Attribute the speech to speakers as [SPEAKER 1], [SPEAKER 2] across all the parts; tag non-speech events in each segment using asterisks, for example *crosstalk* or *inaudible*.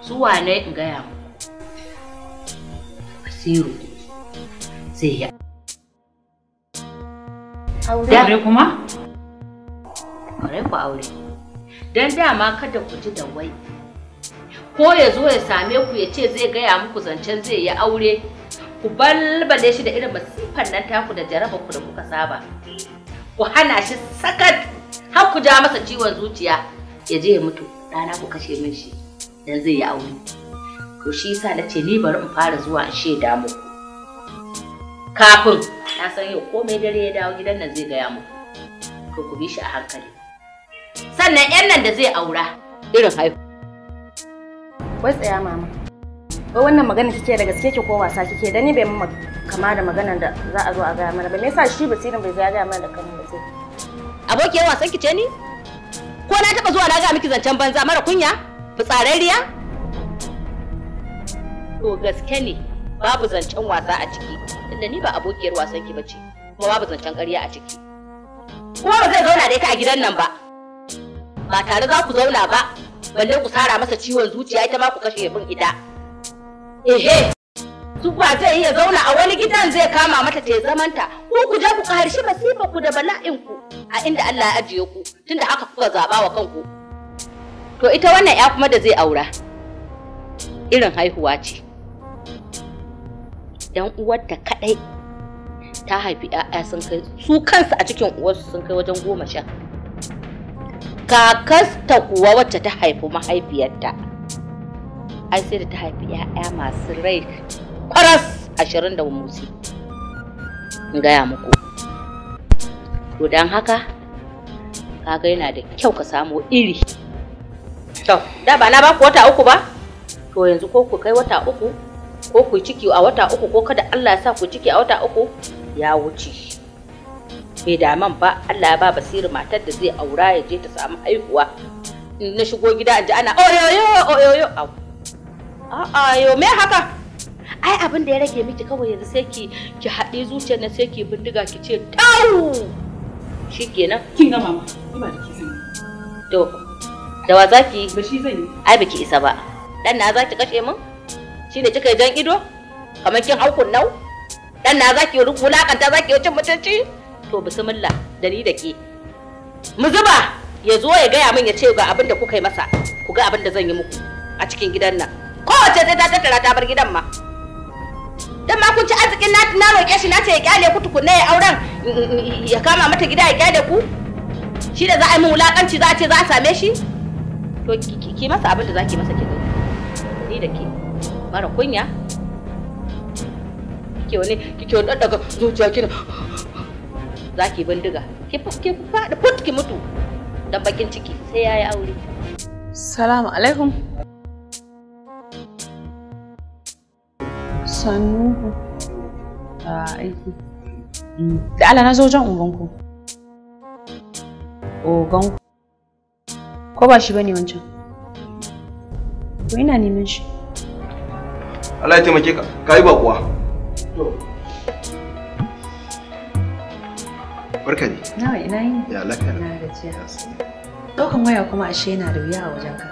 [SPEAKER 1] su wane in gaya mu sai ya aure kuma aure ku aure don dama kada ku ji da wai ko ya zo ya same ku ya ce zai gaya muku zancen zai yi aure ku balbale shi da irin masifan nan taku da jaraba ku da kuka saba ku hana shi sakat har ku ja masa ciwon zuciya ya je ya mutu ɗana ku kashe min shi dan zai yi aure to shi yasa na ce ni bari in fara zuwa in shaida muku kafin na san yau komai dare ya dawo gidan nan zai gaya muku to ku bi shi a hankali sannan yan nan da zai aura irin haihu wai tsaya mama ko wannan magana kike da gaske ki ko wasa kike da ni bai mun kama da maganar da za a zo a gaya mana ba me yasa shi basirin bai gaya mana da kanmu ba sai abokiyar wasan ki ce ni ko na taba zuwa na ga miki zancen banza mara kunya fitsararriya to gaske ne babu zancen wasa a ciki inda ni ba abokiyar wasan ki bace kuma babu zancen ƙarya a ciki
[SPEAKER 2] kuma ba zai zauna da ita a gidan nan ba
[SPEAKER 1] ba tare za ku zauna ba balle ku sara masa ciwon zuciya ita ma ku kashe bin ita ehe su ba zai iya zauna a wani gidan zai kama mata ta zamanta ko ku je ku karshe masifa ku da bala'in ku a inda Allah ya ajiye ku tunda haka kuka zaba wa kanku to ita wannan ya kuma da zai aura irin haihuwa ce dan uwarta kadai ta haifi 'ya'ya sun kai su kansu a cikin uwarsu sun kai wajen goma sha kakasta kuwa wacce ta haifi mahaifiyarta ai sai da ta haifi 'ya'ya masu rai kwaras ashirin da musi in gaya muku to don haka kaga yana da kyau ka samu iri To, da ba na baku wata uku ba? To yanzu ko ku kai wata uku, ko ku ciki a wata uku, ko kada Allah ya sa ku ciki a wata uku ya wuce. Bai daman ba, Allah ya ba basiri matar da zai aura ya je ta samu haihuwa. Na shigo gida in ji ana oyoyo oyoyo au. A'a yo me haka? Ai abin da ya rage miki kawai yanzu sai ki ki haɗe zuciyar na sai ki bindiga ki ce tau. Shikenan. Kin ga mama, ba da sani. To, da wa zaki ba shi zan yi ai baki isa ba dan na zaki kashe min shine kika jan ido kamar kin haukun nau dan na zaki wulakanta zaki wucin mutunci to bismillah da ni da ke mu zuba ya zo ya gaya min ya ce ga abin da kuka yi masa ku ga abin da zan yi muku a cikin gidan nan kowace ta tattara ta bar gidan ma dan ma kun ci arzikin na na roƙe shi na ce ya kyale ku tukunna ya auren ya kama mata gida ya kyale ku
[SPEAKER 2] shi da za a yi min wulakanci za a ce za
[SPEAKER 1] a same shi to ki masa abin da za ki masa ki ni da ke mara kunya kike wani kike wani daga zuciya kina za ki bindiga ki ku fada put ki mutu dan bakin ciki sai yayi aure salamu alaikum sannu a aiki da ala na zo wajen unganku ku. ko ba shi bane wancan to ina neman shi Allah ya taimake ka kai ba kuwa to barka ne na ina yi ya laka na gajiya daukan waya kuma ashe yana da wuya a wajen ka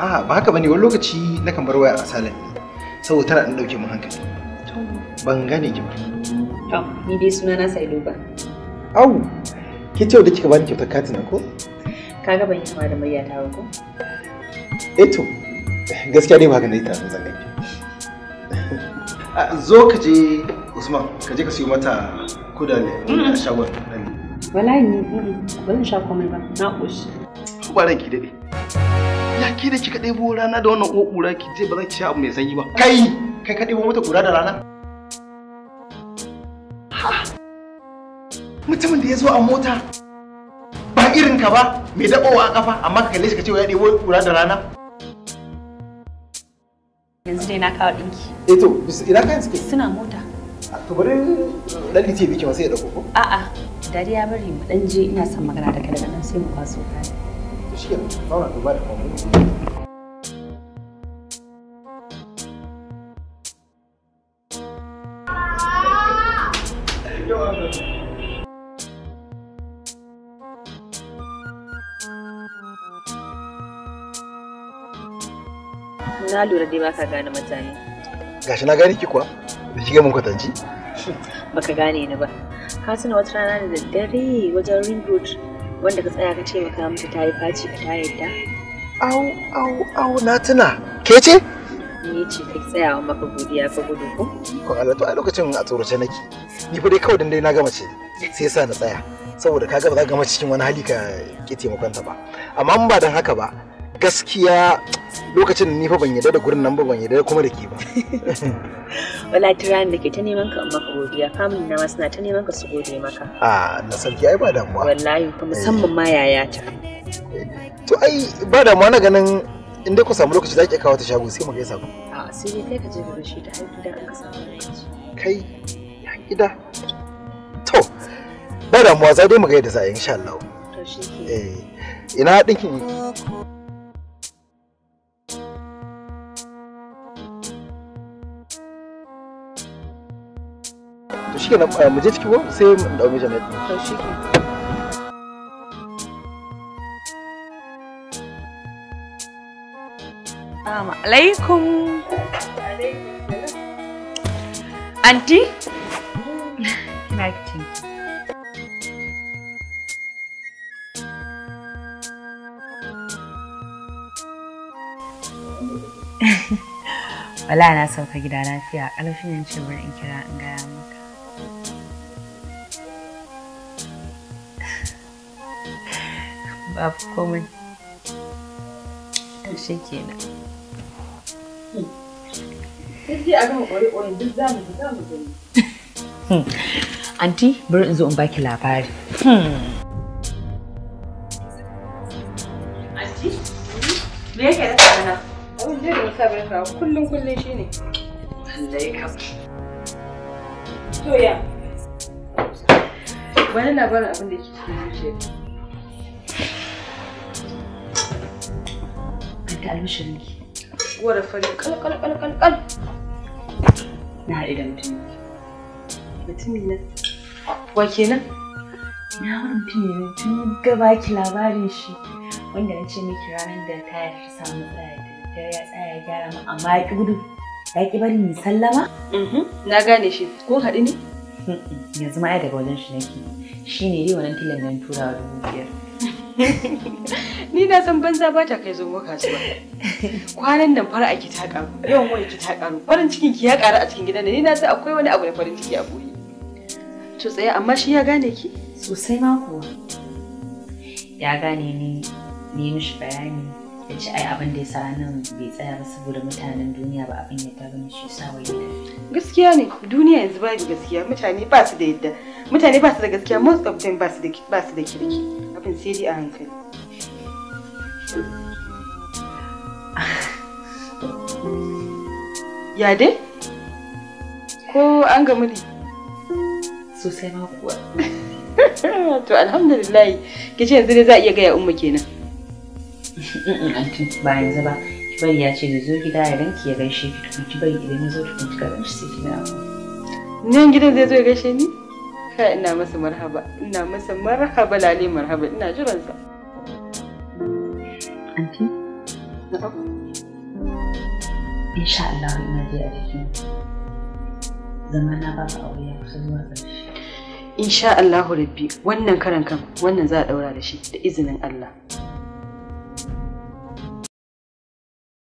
[SPEAKER 1] a ba haka bane wani lokaci na kan bar waya a salon ne saboda tana dan dauke mu hankali ban gane ki ba to ni dai suna na Sailuba au ke ce da kika bani kyautar katin ko kaga ga ban yi kama da murya ta ko? Eh gaskiya dai ba haka nayi tarin zan ganki. Zo ka je Usman, ka je ka siyo mata kuda ne mm. a shagon Ali. Wallahi ni mm, mm, ba zan sha komai ba, na ƙoshi. Ba ranki daɗe. Ya ke da kika ɗebo rana da wannan uwa ƙura ki je ba zan ci abu mai sanyi ba. Kai, kai ka ɗebo mata ƙura da rana? mutumin da ya zo a mota ba irin ka ba mai dabowa a kafa amma ka kalle shi ka ce ya ɗebo kura da rana yanzu dai na kawo ɗinki eh to ina kayan suke suna mota to bari dan litiye biki ma sai ya dauko ko a'a dare ya bari mu dan je ina son magana da kai daga nan sai mu kwaso ka to shi ne fara to ba da komai Thank you. na lura dai baka gane mutane gashi na gane ki kuwa da shiga mun kwatanci baka gane ni ba ka tuna wata rana da daddare wajen ring road wanda ka tsaya ka ce maka mata ta yi faci ka ta yadda au au au na tuna ke ce ni ce ka tsaya wa maka godiya ka gudu ko ko Allah to a lokacin a tsorace nake ni fa dai kawai dan dai na gama ce sai yasa na tsaya saboda kaga ba za ka gama cikin wani hali ka ki taimakon ta ba amma ba dan haka ba gaskiya lokacin ni fa ban yadda da gurin nan ba ban yadda kuma da ke ba *laughs* wala tiran da ke ta neman ka in maka godiya family na masu suna ta neman ka su gode maka a na sarki ai ba damuwa wallahi kuma musamman ma yaya ta to ai ba damuwa na ganin in dai ku samu lokaci za ki kawo ta shago sai mu gaisa ku a sai dai kai ka je gaba shi da har gida ka samu lokaci kai ya gida to ba damuwa za dai mu gaida za a yi insha Allah to shi ke eh ina dinkin shi na eh, mu je ciki ko sai mu dauki jami'a to shi kenan Assalamu alaikum. Anti? kina kicin. *laughs* Wala na sauka gida lafiya, ƙarfin yin ce in kira in gaya maka. babu komai to shi ke kenan hmm. Anti, bari in zo in baki labari. Hmm. Anti, me yake da tsana? Abin da ya sa bai kawo kullum kullum shine. Lallai kam. To ya. Wani labarin abin da ke cikin zuciya. ta almishirin ki. Gwada fari kalkalkalkalkal. Na haɗu da mutum. Mutumi na. Wa kenan? Na wani mutum ne tun ga baki labarin shi wanda na ce miki ranar da ta yafi samu tsaya da ta ya tsaya gyara mu amma ya ƙi gudu. Ya ƙi bari mu sallama? Mm-hmm. Na gane shi ko haɗu ne? Yanzu ma ai daga wajen shi nake. Shi ne dai wannan tilan nan turawa dubu biyar. *laughs* Ni na san banza ba ta kai zongo kasuwa. Kwanan nan fara aiki ta karu, yawan wani ki ta karu, farin cikin ki ya karu a cikin gidan ni na san akwai wani abu da farin ciki a goyi. To tsaye amma shi ya gane ki? Sosai ma kuwa. Ya gane ni, ni mishi bayani. Ya ce ai abin da ya sa nan bai tsaya ba saboda mutanen duniya ba abin ya ta shi sa wai. Gaskiya ne, duniya yanzu ba gaskiya, mutane ba su da yadda. Mutane ba su da gaskiya, most of them ba su da kirki. abin sai dai a hankali ya dai ko an gamu ne sosai ma kuwa *laughs* to alhamdulillah ki ce yanzu dai za a iya gaya umma kenan antin ba yanzu ba bari ya ce da zo gida ya ranki ya gaishe ki tukun ki bari idan ya zo tukun ki gaishe sai ki na nan gidan zai zo ya gaishe ni kai ina masa marhaba ina masa marhaba lale marhaba ina jiransa anti insha Allah ina ji a cikin zama na ba aure ya kusa zuwa ƙarshe insha Allah rabbi wannan karan kan wannan za a daura da shi da izinin Allah